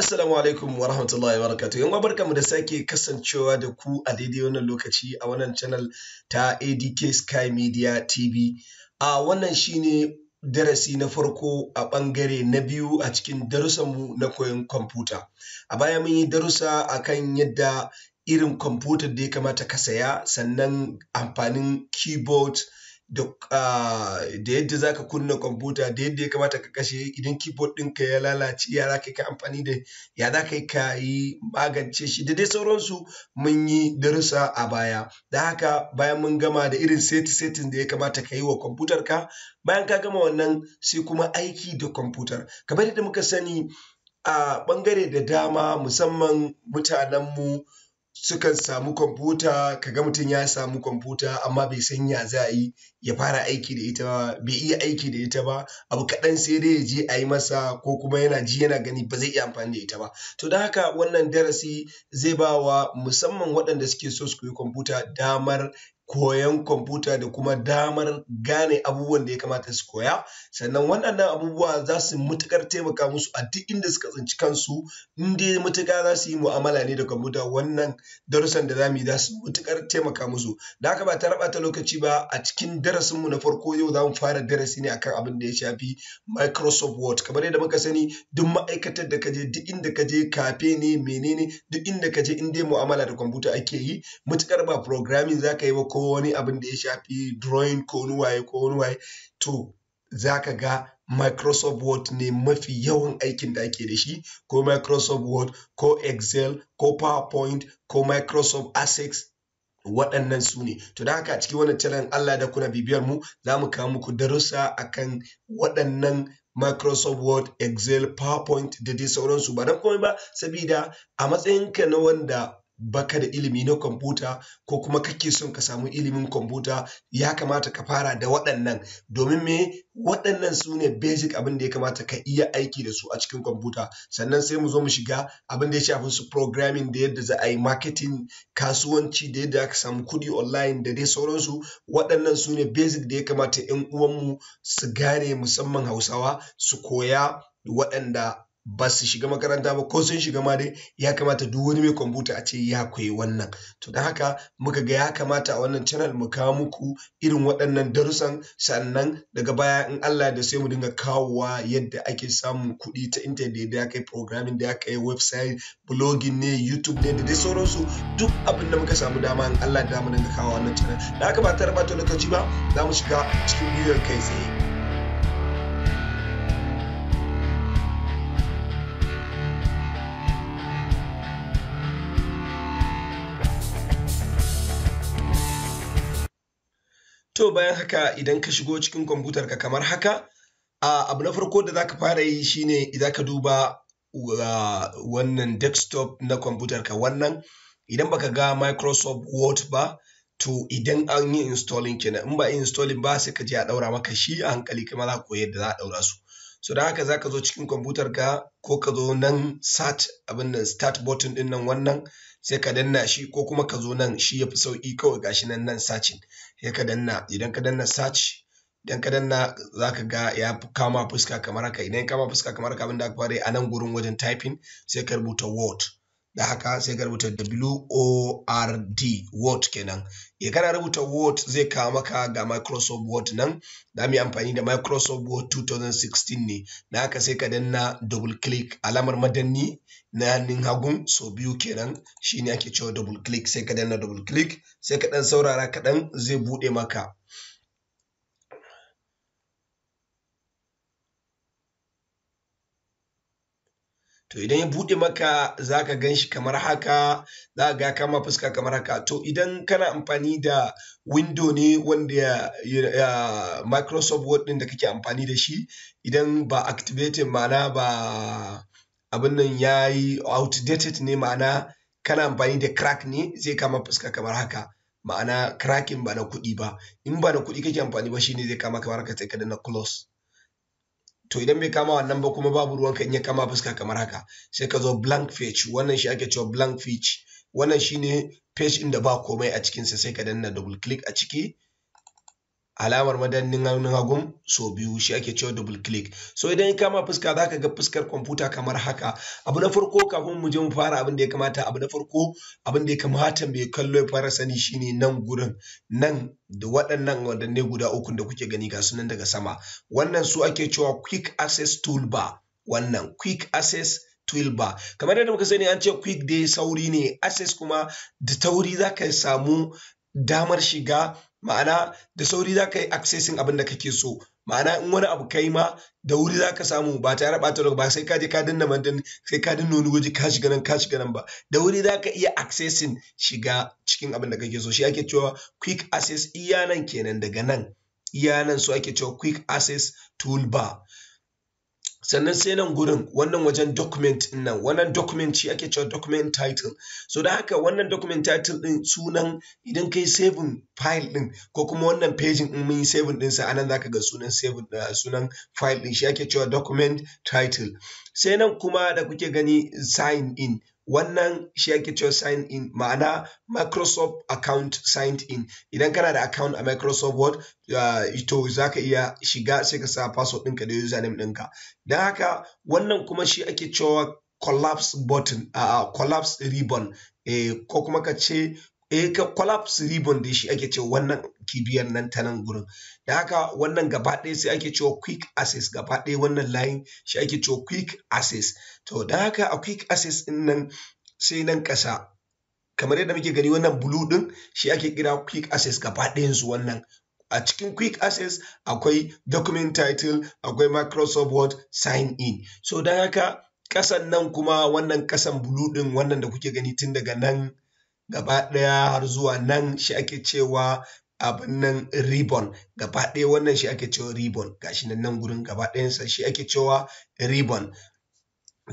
Assalamu alaikum wa rahmatullahi wa barakatuh. Yan uwa mu da sake kasancewa da ku a daidai wannan lokaci a wannan channel ta ADK Sky Media TV. A wannan shine darasi na farko a bangare na biyu a cikin mu na koyon kwamfuta. A baya mun yi darussa akan yadda irin kwamfutar da ya kamata ka saya sannan amfanin keyboard da yadda za ka kunna kwamfuta da yadda ya kamata ka kashe idan keyboard ɗinka ya lalace ya za ka amfani da ya za ka yi ka yi magance shi da dai sauransu mun yi darussa a baya da haka bayan mun gama da irin seti-setin da ya kamata ka yi wa kwamfutar ka bayan ka gama wannan sai kuma aiki da kwamfutar kamar yadda muka sani a ɓangare da dama musamman mutanenmu sukan samu kwamfuta ka ga mutum ya samu kwamfuta amma bai san ya za yi ya fara aiki da ita ba bai iya aiki da ita ba abu kaɗan sai dai ya je a yi masa ko kuma yana ji yana gani ba zai iya amfani da ita ba to da haka wannan darasi zai ba wa musamman waɗanda suke so su koyi kwamfuta damar koyon kwamfuta da kuma damar gane abubuwan da ya kamata su koya sannan waɗannan abubuwa za su matuƙar taimaka musu a duk inda suka tsinci kansu inda dai matuƙa za su yi mu'amala ne da kwamfuta wannan darussan da za mu yi za su matuƙar taimaka musu da haka ba ta raba ta lokaci ba a cikin darasinmu na farko yau za mu fara darasi ne akan abin da ya shafi Microsoft Word kamar yadda muka sani duk ma'aikatar da ka je duk inda ka je kafe ne menene duk inda ka je in mu'amala da kwamfuta ake yi matuƙar ba programming za ka yi ba ko wani abin da ya shafi drawing ko wani waye ko wani waye to za ka ga Microsoft Word ne mafi yawan aikin da ake da shi ko Microsoft Word ko Excel ko PowerPoint ko Microsoft Access waɗannan su ne to da haka ciki cikin wannan channel Allah da kuna bibiyar mu za mu kawo muku darussa akan waɗannan Microsoft Word, Excel, PowerPoint da dai sauransu ba don komai ba sabida a matsayinka na wanda baka da ilimi na kwamfuta ko kuma kake son ka samu ilimin kwamfuta ya kamata ka fara da waɗannan domin me waɗannan su ne basic abin da ya kamata ka iya aiki da su a cikin kwamfuta sannan sai mu zo mu shiga abin da ya shafi su programming da yadda za a yi marketing kasuwanci da yadda aka samu kuɗi online da dai sauransu waɗannan su ne basic da ya kamata 'yan uwanmu su gane musamman hausawa su koya waɗanda ba su shiga makaranta ba ko sun shiga ma dai ya kamata duk wani mai kwamfuta a ce ya koyi wannan to don haka muka ga ya kamata a wannan channel mu kawo muku irin waɗannan darussan sannan daga baya in Allah da sai mu dinga kawowa yadda ake samun kuɗi ta intanet da ya kai programming da ya kai website blogging ne youtube ne da dai sauransu duk abin da muka samu dama in Allah da mu dinga kawo wannan channel da haka ba tare ba lokaci ba za mu shiga cikin bidiyon kai tsaye To bayan haka idan ka shigo cikin kwamfutar ka kamar haka, abu na farko da za ka fara yi shi ne idan ka duba uh, wannan desktop na kwamfutar ka wannan idan baka ga Microsoft Word ba, to idan an yi installing kenan in ba yi installing ba sai ka je a daura maka shi a hankali kuma za ka yadda za a daura su. so da haka za ka zo cikin kwamfutar ka ko ka zo nan start abin nan start button din nan wannan sai ka danna shi ko kuma ka zo nan shi ya fi sauki kawai gashi nan nan searching sai ka danna idan ka danna search idan ka danna za ga ya kama fuska kamar haka idan ya kama fuska kamar haka abinda aka fara a nan gurin wajen typing sai ka rubuta word da haka sai ka rubuta WORD word kenan ya eh, kana rubuta word zai kawo maka ga Microsoft Word nan da mu amfani da Microsoft Word 2016 ne da haka sai ka danna double click alamar madanni na hannun hagun so biyu kenan shine ake cewa double click sai ka danna double click sai ka dan saurara kaɗan zai buɗe maka to idan ya buɗe maka za ka gan shi kamar haka za ga kama fuska kamar haka to idan kana amfani da windo ne wanda ya, ya, microsoft word ɗin da kake amfani da shi idan ba activated ma'ana ba abin nan ya yi outdated ne ma'ana kana amfani da crack ne zai kama fuska kamar haka ma'ana cracking ba na kuɗi ba in ba na kuɗi kake amfani ba shine zai kama kamar haka sai ka danna close to idan bai kama wannan ba kuma babu ruwanka in ya kama fuska kamar haka sai ka zo blank page wannan shi ake cewa blank page wannan shine page inda ba komai a cikinsa sai ka danna double click a ciki alamar madannin hannun hagun so biyu shi ake cewa double click so idan ya kama fuska zaka ga fuskar kwamfuta kamar haka abu na farko kafin mu je mu fara abin da ya kamata abu na farko abin da ya kamata mai kallo ya fara sani shine nan gurin nan da waɗannan wadanne guda uku da kuke gani ga sunan daga sama wannan su ake cewa quick access toolbar wannan quick access toolbar kamar yadda muka sani an ce quick dai sauri ne access kuma da tauri zaka samu damar shiga ma'ana da sauri za ka yi accessing abin da kake so ma'ana in wani abu kai ma da wuri za ka samu ba tare ɓata ba sai ka je ka dinna mandan sai ka dinna wani waje ka shiga nan ka shiga nan ba da wuri za ka iya accessing shiga cikin abin da kake so shi ake cewa quick access iya nan kenan daga nan iya nan so ake cewa quick access toolbar sannan sai nan gurin wannan wajen document din nan wannan document shi ake cewa document title so da haka wannan document title din sunan idan kai saving file din ko kuma wannan page in mun yi saving din sa anan zaka ga sunan saving uh, sunan file din shi ake cewa document title sai nan kuma da kuke gani sign in wannan shi ake cewa sign in ma'ana Microsoft account signed in idan kana da account a Microsoft Word uh, to za ka iya shiga sai ka sa password ɗinka da username ɗinka don haka wannan kuma shi ake cewa collapse button a uh, collapse ribbon eh, ko kuma ka ce E, ka collapse ribbon da shi ake cewa wannan kibiyar nan ta nan gurin da haka wannan gaba ɗaya sai ake cewa quick access gaba ɗaya wannan layin shi ake cewa quick access to da haka a quick access din nan sai nan ƙasa kamar yadda muke gani wannan blue ɗin shi ake kira quick access gaba ɗayan su wannan a cikin quick access akwai document title akwai microsoft word sign in so da haka ƙasan nan kuma wannan ƙasan blue ɗin wannan da kuke gani tun daga nan gaba ɗaya har zuwa nan shi ake cewa abin nan ribbon gaba ɗaya wannan shi ake cewa ribon, gashi nan nan gurin gaba ɗayansa shi ake cewa ribon.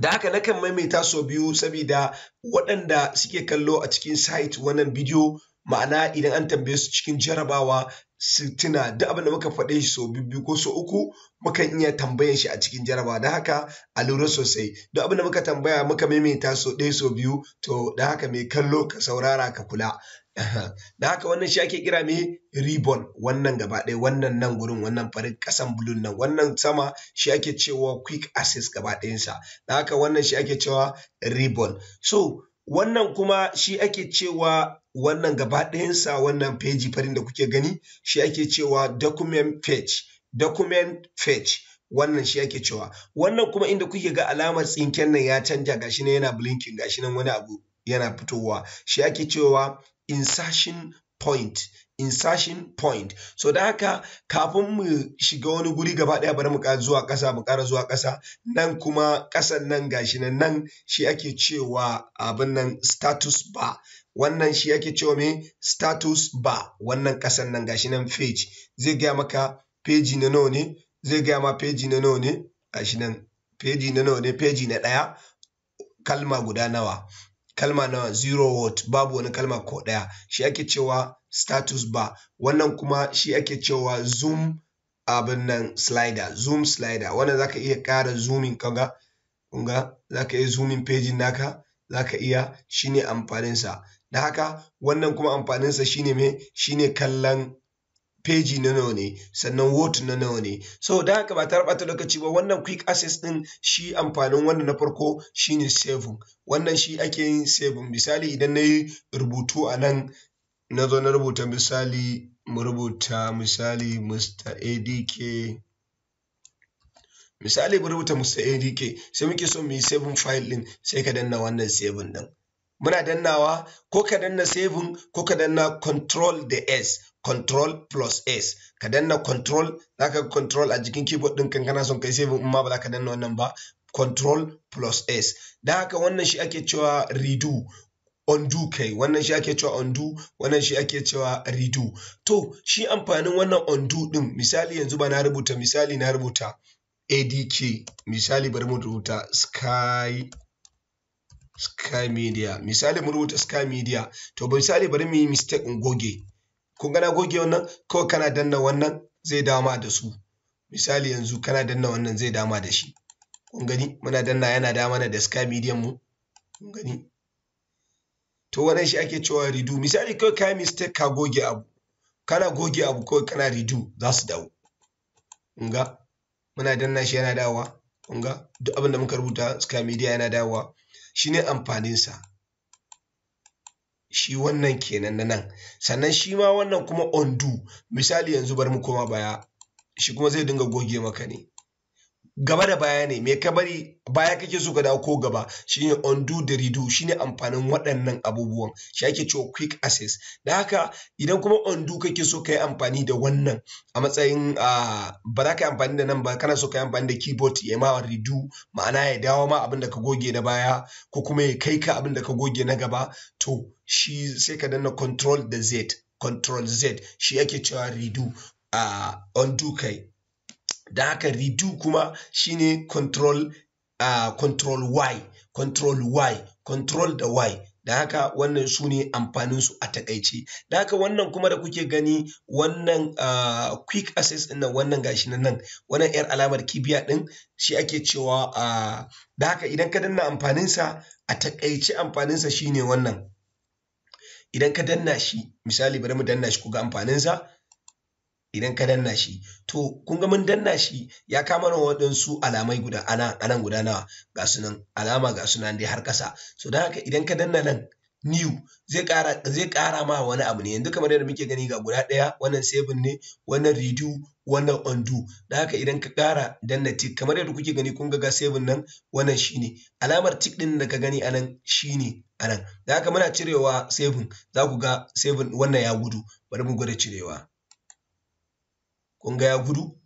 da haka nakan maimaita sau biyu saboda waɗanda suke kallo a cikin site wannan bidiyo ma'ana idan an tambaye su cikin jarabawa su tuna duk abin da muka faɗe shi sau biyu ko sau uku muka iya tambayan shi a cikin jarabawa da haka a lura sosai duk abin da muka tambaya muka maimaita sau ɗaya sau biyu to da haka mai kallo ka saurara ka kula da haka wannan shi ake kira me ribbon wannan gaba ɗaya wannan nan gurin wannan farin ƙasan bulun nan wannan sama shi ake cewa quick access gaba ɗayansa da haka wannan shi ake cewa ribbon so wannan kuma shi ake cewa wannan gaba ɗayansa wannan feji farin da kuke gani shi ake cewa document page document page wannan shi ake cewa wannan kuma inda kuke ga alamar tsinken nan ya canja gashi nan yana blinking gashi nan wani abu yana fitowa shi ake cewa insertion point insertion point so da haka kafin mu shiga wani guri gaba daya bari mu kara zuwa kasa mu kara zuwa kasa nan kuma kasan nan gashi nan nan shi ake cewa abin nan status bar wannan shi ake cewa me status bar wannan kasan nan gashi nan page zai gaya maka page na nawa ne zai gaya ma page na nawa ne gashi nan page na nawa ne page na ɗaya kalma guda nawa kalma nawa zero word babu wani kalma ko ɗaya shi ake cewa status ba wannan kuma shi ake cewa zoom abin nan slider zoom slider wannan zaka iya kara zoomin kaga kunga zaka iya zoomin page naka zaka iya shine amfanin sa da haka wannan kuma amfaninsa shine me shine kallon peji na nawa ne sannan word na nawa ne so da haka ba ta rabata lokaci ba wannan quick access din shi amfanin wannan na farko shine saving wannan shi ake yin saving misali idan na yi rubutu a nan na zo na rubuta misali mu rubuta misali Mr. ADK misali mu rubuta Mr. ADK sai muke so mu yi saving file din sai ka danna wannan saving din muna dannawa ko ka danna saving ko ka danna control da S control plus s ka danna control za ka control a jikin keyboard ɗin kan kana son kai saving in ma ba za ka danna wannan ba control plus s da haka wannan shi ake cewa redo undo kai wannan shi ake cewa undo wannan shi ake cewa redo to shi amfanin wannan undo din misali yanzu ba na rubuta misali na rubuta adk misali bari mu rubuta sky sky media misali mu rubuta sky media to misali bari mu yi mistake in goge kun gana goge wannan kawai kana danna wannan zai dama da su misali yanzu kana danna wannan zai dama da shi kun gani muna danna yana dama na da sky medium mu kun gani to wannan shi ake cewa redo misali kawai kai mistake ka goge abu kana goge abu kawai kana redo za su dawo kun ga muna danna shi yana dawowa kun ga duk abin da muka rubuta sky media yana dawowa shine amfanin sa shi wannan kenan na nan sannan shi ma wannan kuma undo misali yanzu bari mu koma baya shi kuma zai dinga goge maka ne gaba da baya ne me ka bari baya kake so ka dawo ko gaba shine undo da redo shine amfanin waɗannan abubuwan shi ake cewa quick access da haka idan kuma undo kake so ka yi amfani da wannan a matsayin ba za ka yi amfani da nan ba kana so ka yi amfani da keyboard ya ma redo ma'ana ya dawo ma abin da ka goge na baya ko kuma ya kai ka abin da ka goge na gaba to shi sai ka danna control da z control z shi ake cewa redo a undo kai da haka redo kuma shine control uh, control y control y control da y da haka wannan su ne amfaninsu a takaice da haka wannan kuma da kuke gani wannan uh, quick access din nan wannan gashi na nan wannan yar alamar kibiya din shi ake cewa uh, da haka idan ka danna amfaninsa a takaice amfaninsa shine wannan idan ka danna shi misali bari mu danna shi ku ga amfaninsa idan ka danna shi to kun ga mun danna shi ya kama na waɗansu alamai guda anan anan guda nawa ga su alama ga sunan dai har ƙasa so don haka idan ka danna nan new zai kara zai ƙara ma wani abu ne yanzu kamar yadda muke gani ga guda daya wannan saving ne wannan redo wannan undo da haka idan ka kara danna tick kamar yadda kuke gani kun ga ga saving nan wannan shine alamar tick din da ka gani anan shine anan da haka muna cirewa saving za ku ga saving wannan ya gudu bari mu gwada cirewa kun ga ya gudu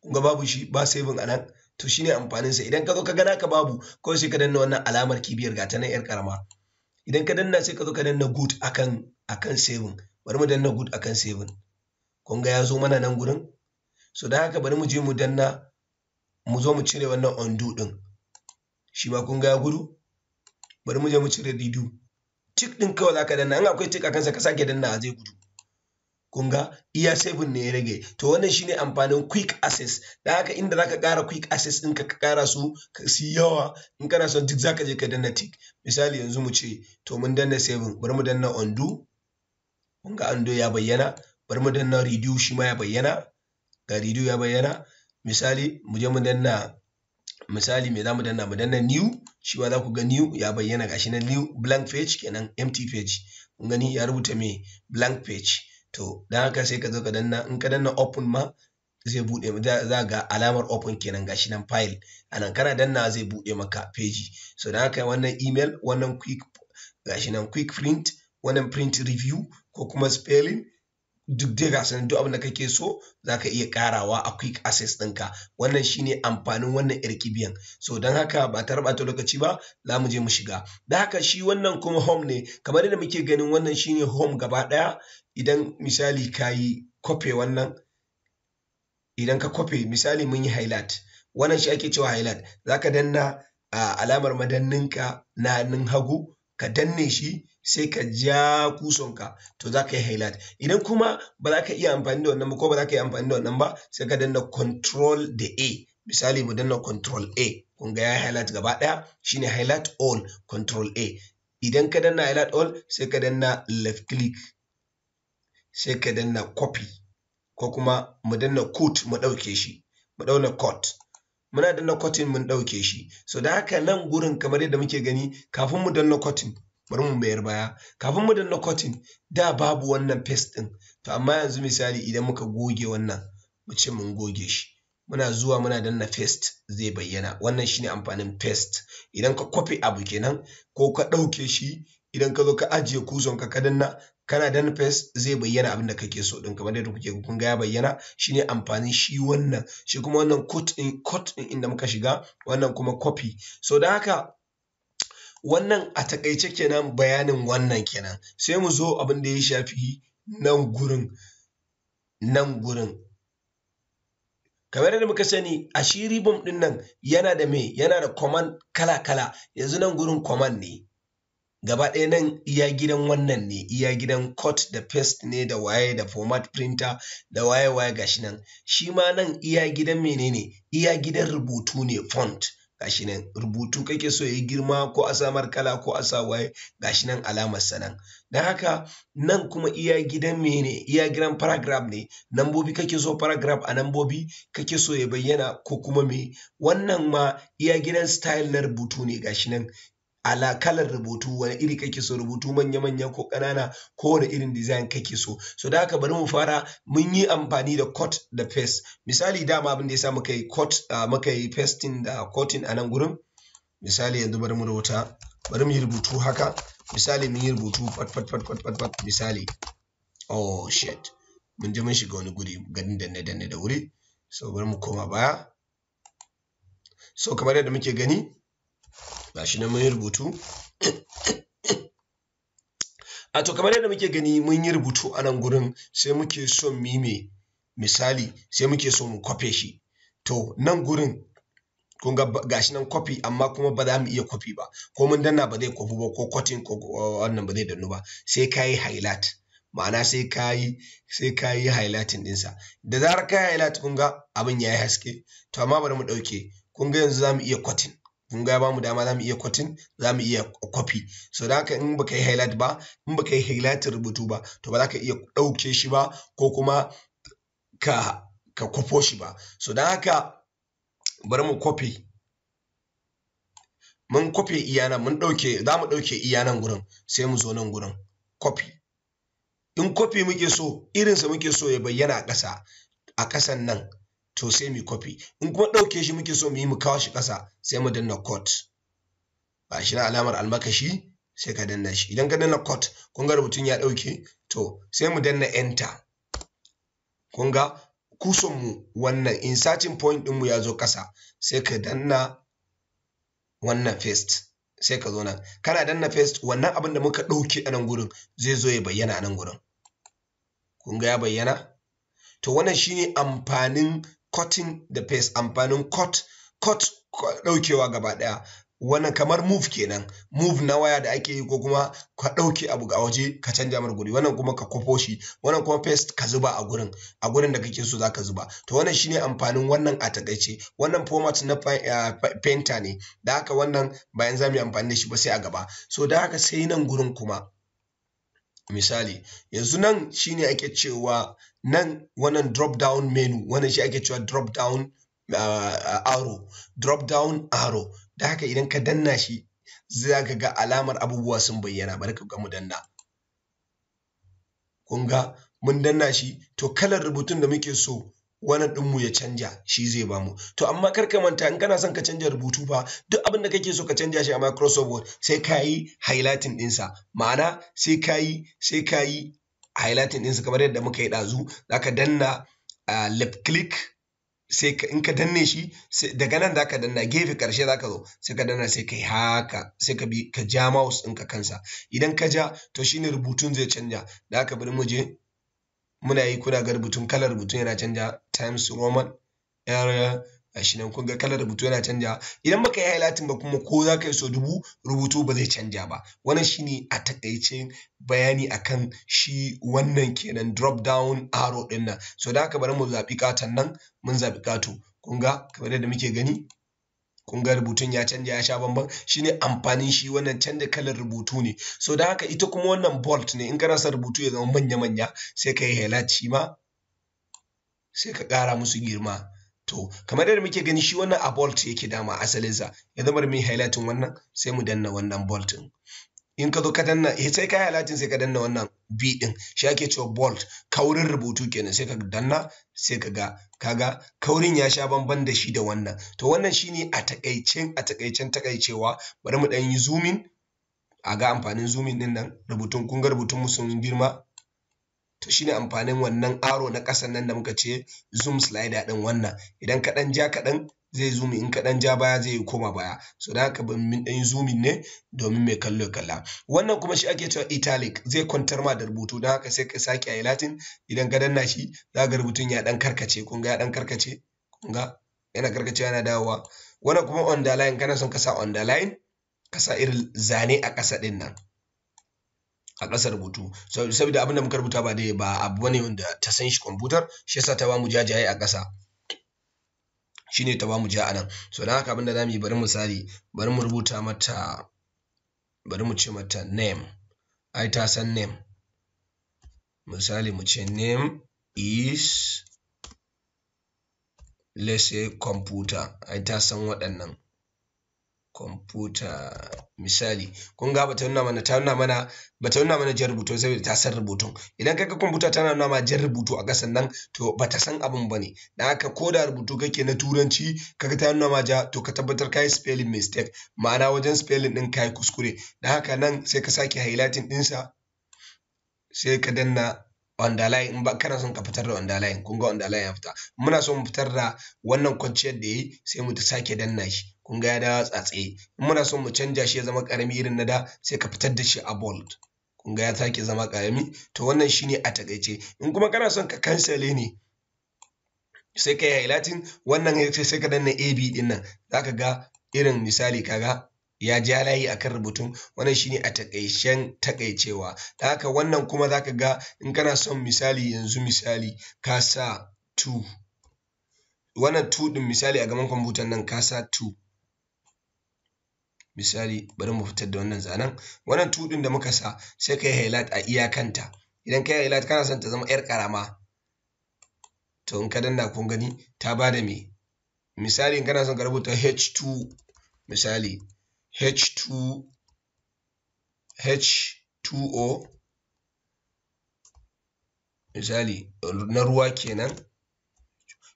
kun ga babu shi ba saving anan to shine amfaninsa idan ka zo ka ga naka babu kawai sai ka danna wannan alamar kibiyar ga ta nan yar karama idan ka danna sai ka zo ka danna good akan akan saving bari mu danna good akan saving kun ga ya zo mana nan gurin so da haka bari mu je mu danna mu zo mu cire wannan undo din shi ma kun ga ya gudu bari mu je mu cire redo tick din kawai zaka danna in akwai tick akan sa ka sake danna zai gudu kunga iya saifin ne ya rage to wannan shine amfanin quick access da haka inda zaka ƙara quick access ɗin ka ƙara su su yawa in kana son duk zaka je ka danna tick misali yanzu mu ce to mun danna 7 bari mu danna undo kunga undo ya bayyana bari mu danna redo shi ma ya bayyana ga redo ya bayyana misali mu je mu danna misali me za mu danna mu danna new shi ma za ku ga new ya bayyana gashi na new blank page kenan empty page kun gani ya rubuta me blank page to dan haka sai ka zo ka danna in ka danna open ma zai bude za ga alamar open kenan gashi nan file anan kana danna zai bude maka page so dan haka wannan email wannan quick gashi nan quick print wannan print review ko kuma spelling duk dai ga sanin duk abin da kake so za ka iya karawa a quick access ɗinka wannan shine amfanin wannan irkibiyan so don haka ba ta rabata lokaci ba za mu je mu shiga da haka shi wannan kuma home ne kamar yadda muke ganin wannan shine home gaba ɗaya idan misali ka yi kwafe wannan idan ka kwafe misali mun yi highlight wannan shi ake cewa highlight za ka danna alamar madanninka na hannun hagu ka danne shi sai ka ja kusonka to za ka yi highlight idan kuma ba za ka iya amfani da wannan ba ko ba za ka yi amfani da wannan ba sai ka danna control da a misali mu danna control a kun ga ya highlight gaba ɗaya shine highlight all control a idan ka danna highlight all sai ka danna left click sai ka danna copy ko kuma mu danna kot mu ɗauke shi mu ɗauna kot muna danna kotin mun ɗauke shi so da haka nan gurin kamar yadda muke gani kafin mu danna kotin bari mu mayar baya kafin mu danna kotin da babu wannan paste ɗin to amma yanzu misali idan muka goge wannan mu ce mun goge shi muna zuwa muna danna paste zai bayyana wannan shine amfanin paste idan ka copy abu kenan ko ka ɗauke shi idan ka zo ka ajiye kuson ka ka danna kana dan paste zai bayyana abin da kake so din kamar yadda kuke kun ga ya bayyana shine amfanin shi wannan shi kuma wannan cut in cut in inda muka shiga wannan kuma copy so da haka wannan a takaice kenan bayanin wannan kenan sai mu zo abin da ya shafi nan gurin nan gurin kamar yadda muka sani a shi ribom din nan yana da me yana da command kala kala yanzu nan gurin command ne gaba ɗaya nan iya gidan wannan ne iya gidan cut da paste ne da waye da format printer da waye waye gashi nan shi ma nan iya gidan menene iya gidan rubutu ne font gashi nan rubutu kake so ya girma ko a samar kala ko a sa waye gashi nan alamar sa nan don haka nan kuma iya gidan mene iya gidan paragraph ne nambobi kake so paragraph a nambobi kake so ya bayyana ko kuma me wannan ma iya gidan style na rubutu ne gashi nan ala kalar rubutu wani iri kake so rubutu manya-manya ko ƙanana ko wani irin design kake so so da haka bari mu fara mun yi amfani da cut da paste misali dama abin da sa muka yi cut muka yi pasting da cutting a nan gurin misali yanzu bari mu rubuta bari mu yi rubutu haka misali mun yi rubutu pat-pat-pat, pat pat misali oh shit mun je mun shiga wani guri ganin danne danne da wuri so bari mu koma baya so kamar yadda muke gani shi nan mun yi rubutu a to kamar yadda muke gani mun yi rubutu a nan gurin sai muke son mu me misali sai muke so mu kwafe shi to nan gurin kun ga gashi nan kwafi amma kuma ba za mu iya kwafi ba ko mun danna ba zai kwafi ba ko kwatin ko wannan ba zai dannu ba sai ka yi highlight ma'ana sai ka yi sai ka yi highlighting da zarar ka yi highlight kun ga abin ya yi haske to amma bari mu ɗauke kun ga yanzu za mu iya kwatin mun ga ba mu dama mu iya kwatin za mu iya kwafi so da haka in baka yi highlight ba in baka yi highlight rubutu ba to ba za ka iya ɗauke shi ba ko kuma ka ka kwafo shi ba so da haka bari mu kwafi mun kwafe iya nan mun ɗauke za mu ɗauke iya nan gurin sai mu zo nan gurin kwafi in kwafi muke so irinsa muke so ya bayyana a ƙasa a ƙasan nan to sai mu copy in kuma ɗauke shi muke so mu yi mu kawo shi ƙasa sai mu danna code ba shi na alamar almakashi sai ka danna shi idan ka danna code kun ga rubutun ya ɗauke to sai mu danna enter kun ga kusan mu wannan inserting point ɗin mu ya zo ƙasa sai ka danna wannan first sai ka zo nan kana danna first wannan abin da muka ɗauke a nan gurin zai zo ya bayyana a nan gurin kun ga ya bayyana to wannan shine amfanin cutting the pace amfanin cut cut daukewa gaba daya wannan kamar move kenan move na waya da ake yi ko kuma ka dauke abu a waje ka canja mar guri wannan kuma ka kwafo shi wannan kuma paste ka zuba a gurin a gurin da kake so zaka zuba to wannan shine amfanin wannan a takaice wannan format na eh, painter ne da haka wannan bayan zamu yi amfani da shi ba sai a gaba so da haka sai nan gurin kuma misali yanzu nan shine ake cewa nan wannan drop down menu wannan shi ake cewa drop down uh, arrow drop down arrow da haka idan ka danna shi za ka ga alamar abubuwa sun bayyana bari ka ga mu danna kun ga mun danna shi to kalar rubutun da muke so wannan ɗinmu ya canja shi zai bamu to amma kar ka manta in kana son ka canja rubutu fa duk abin da kake so ka canja shi a Microsoft Word sai ka yi highlighting ɗinsa ma'ana sai ka yi sai ka yi highlighting ɗinsa kamar yadda muka yi ɗazu za ka danna left click sai in ka danne shi daga nan za ka danna gefe ƙarshe za ka zo sai ka danna sai ka yi haka sai ka bi ka ja mouse ɗinka kansa idan ka ja to shine rubutun zai canja da haka bari mu je muna yi kuna ga rubutun kalar rubutun yana canja times roman area gashi nan kun ga kalar rubutu yana canja idan baka yi highlighting ba kuma ko za ka yi so dubu rubutu ba zai canja ba wannan shine a takaice bayani akan shi wannan kenan drop down arrow din nan so da haka bari mu zaɓi katon nan mun zaɓi kato kunga ga kamar yadda muke gani kun ga rubutun ya canja ya sha bamban shine amfanin shi wannan canja kalar rubutu ne so da haka ita kuma wannan Bolt ne in kana son rubutu ya zama manya manya sai ka yi highlight shi ma sai ka ƙara musu girma to kamar yadda muke gani shi wannan a bolt yake dama asalin sa ya zama mai highlighting wannan sai mu danna wannan bolt in ka zo ka danna eh sai ka yi alatin sai ka danna wannan b din shi ake cewa bolt. kaurin rubutu kenan sai ka danna sai ka ga kaga kaurin ya sha banban da shi da wannan to wannan shine a takaicen a takaicen takaicewa bari mu dan yi zoomin a ga amfanin zoomin din nan rubutun kun ga rubutun mu sun girma to shine amfanin wannan aro na kasan nan da muka ce zoom slider din wannan idan ka dan ja kaɗan zai zumi in ka ja baya zai koma baya so da haka min dan zumi ne domin mai kallo ya kalla wannan kuma shi ake cewa italic zai kwantar ma da rubutu don haka sai ka sake a latin idan ka danna shi za ga rubutun ya dan karkace kun ga ya dan karkace kun ga yana karkace yana dawowa wannan kuma underline kana son ka sa underline ka sa irin zane a ƙasa din nan a ƙasa rubutu saboda abin da muka rubuta ba dai ba abu ne wanda ta san shi kwamfutar shi yasa ta ba mu jajaye a ƙasa shine ta bamu ja anan so dan haka abinda zamu yi bari misali bari mu rubuta mata bari mu ce mata name ai ta san name misali mu ce name is let's say computer ai ta san waɗannan kwamfuta misali kun ga bata nuna mana ta nuna mana bata nuna mana jar rubutu saboda ta san rubutun idan kai ka kwamfuta tana nuna ma jar rubutu a ƙasan nan to bata san abin bane dan haka ko da rubutu kake na turanci kaka ta nuna ma ja to ka tabbatar ka kai spelling mistake ma'ana wajen spelling din kai kuskure Da haka nan sai ka sake highlighting ɗinsa sai ka danna underline in ba kana son ka fitar da underline kun ga underline ya fita muna son mu fitar da wannan kwanciyar da yi sai mu ta sake danna shi kun ga ya dawo tsatsaye in muna son mu canja shi ya zama karami irin na da sai ka fitar da shi a bold kun ga ya sake zama karami to wannan shine a takaice in kuma kana son ka cancel ne sai ka yi latin wannan sai ka danna ab din nan zaka ga irin misali kaga ya ja layi kan rubutun wannan shine a takaicen takaicewa da haka wannan kuma zaka ga in kana son misali yanzu misali ka sa wannan two din misali a gaban kwamfutan nan ka sa misali bari mu fitar da wannan zanen wannan two din da muka sa sai ka yi highlight a iyakanta idan ka yi highlight kana son ta zama yar karama to in ka danna kun gani ta bada me misali in kana son ka rubuta H2 misali H2 H2O misali na ruwa kenan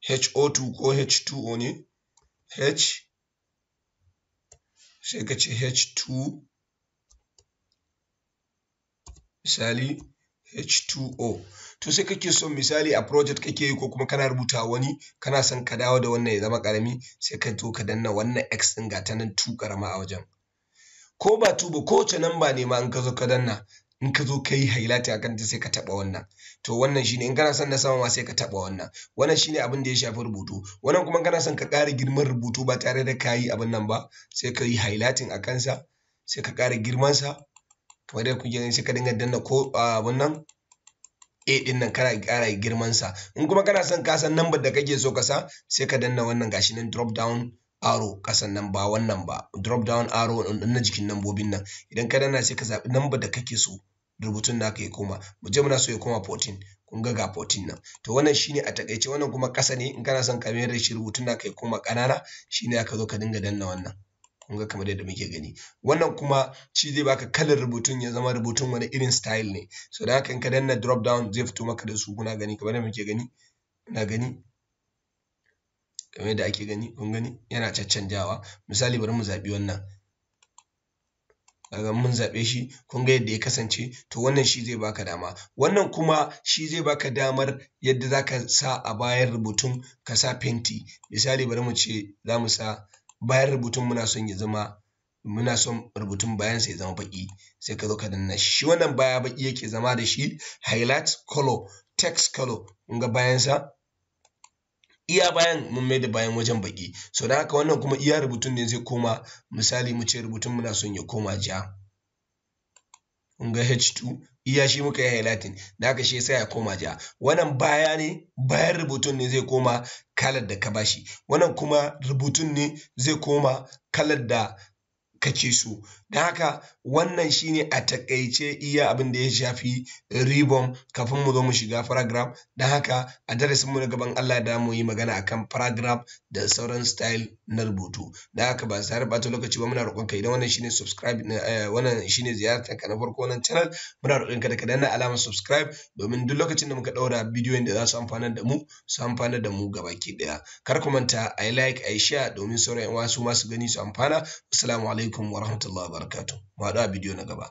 HO2 ko H2O ne H sai ka ce H2 misali H2O to sai kake son misali a project kake yi ko kuma kana rubuta wani kana son ka dawo da wannan ya zama karami sai ka zo ka danna wannan x din ga ta nan tu karama a wajen ko ba tu ba nan namba ne ma in ka zo ka danna in ka zo ka yi highlight a kanta sai ka taɓa wannan to wannan shine in kana son na sama ma sai ka taɓa wannan wannan shine abin da ya shafi rubutu wannan kuma kana son ka ƙara girman rubutu ba tare da ka yi abin nan ba sai ka yi highlighting a kansa sai ka ƙara girmansa kamar yadda kuke gani sai ka dinga danna ko ah, abin nan a din nan kana ƙara girman sa in kuma kana son ka san number da kake so ka sa sai ka danna wannan gashi nan drop down arrow kasan nan ba wannan ba drop down arrow na jikin nambobin nan idan ka danna sai ka zabi number da kake so rubutun naka ya koma mu je muna so ya koma 14 kun ga ga 14 nan to wannan shine a takaice wannan kuma kasa ne in kana son ka mayar da shi rubutun naka ya koma ƙanana shine aka zo ka dinga danna wannan kun ga kamar yadda muke gani wannan kuma shi zai baka kalar rubutun ya zama rubutun wani irin style ne so da haka in ka danna drop down zai fito maka da su kuna gani kamar yadda muke gani na gani kamar yadda ake gani kun gani yana caccanjawa misali bari mu zaɓi wannan kaga mun zaɓe shi kun ga yadda ya kasance to wannan shi zai baka dama wannan kuma shi zai baka damar yadda zaka sa a bayan rubutun ka sa fenti misali bari mu ce za mu sa bayan rubutun muna son ya zama muna son rubutun bayan sai zama baki sai ka zo ka danna shi wannan baya baki yake zama da shi highlight color text color in ga bayan iya bayan mun mai da bayan wajen baki so da haka wannan kuma iya rubutun ne zai koma misali mu ce rubutun muna son ya koma ja in ga H2 iya shi muka yi highlighting da haka shi sai ya koma ja wannan baya ne bayan rubutun ne zai koma kalar da ka bashi wannan kuma rubutun ne zai koma kalar da kake su. don haka wannan shine a takaice iya abin da ya shafi ribon kafin mu zo mu shiga paragraph don haka a darasin mu na gaban Allah da mu yi magana akan paragraph da sauran style na rubutu don haka ba ba ta lokaci ba muna roƙon ka idan wannan shine subscribe eh, wannan shine ziyartar ka na farko wannan channel muna roƙon ka da ka danna alamar subscribe domin duk lokacin da muka daura bidiyon da za su amfanar da mu su amfanar da mu gabaki daya kar ku manta ai like ai share domin sauran yan su, ma su gani su amfana assalamu alaikum alaikum wa rahmatullahi wa barakatuh. Mu haɗu a bidiyo na gaba.